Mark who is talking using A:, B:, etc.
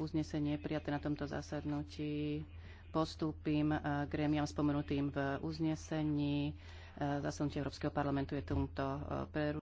A: uznesenie prijaté na tomto zasadnutí postúpim e, gremiam spomenutým v uznesení. E, zasadnutie Európskeho parlamentu je tomuto e, prerušené.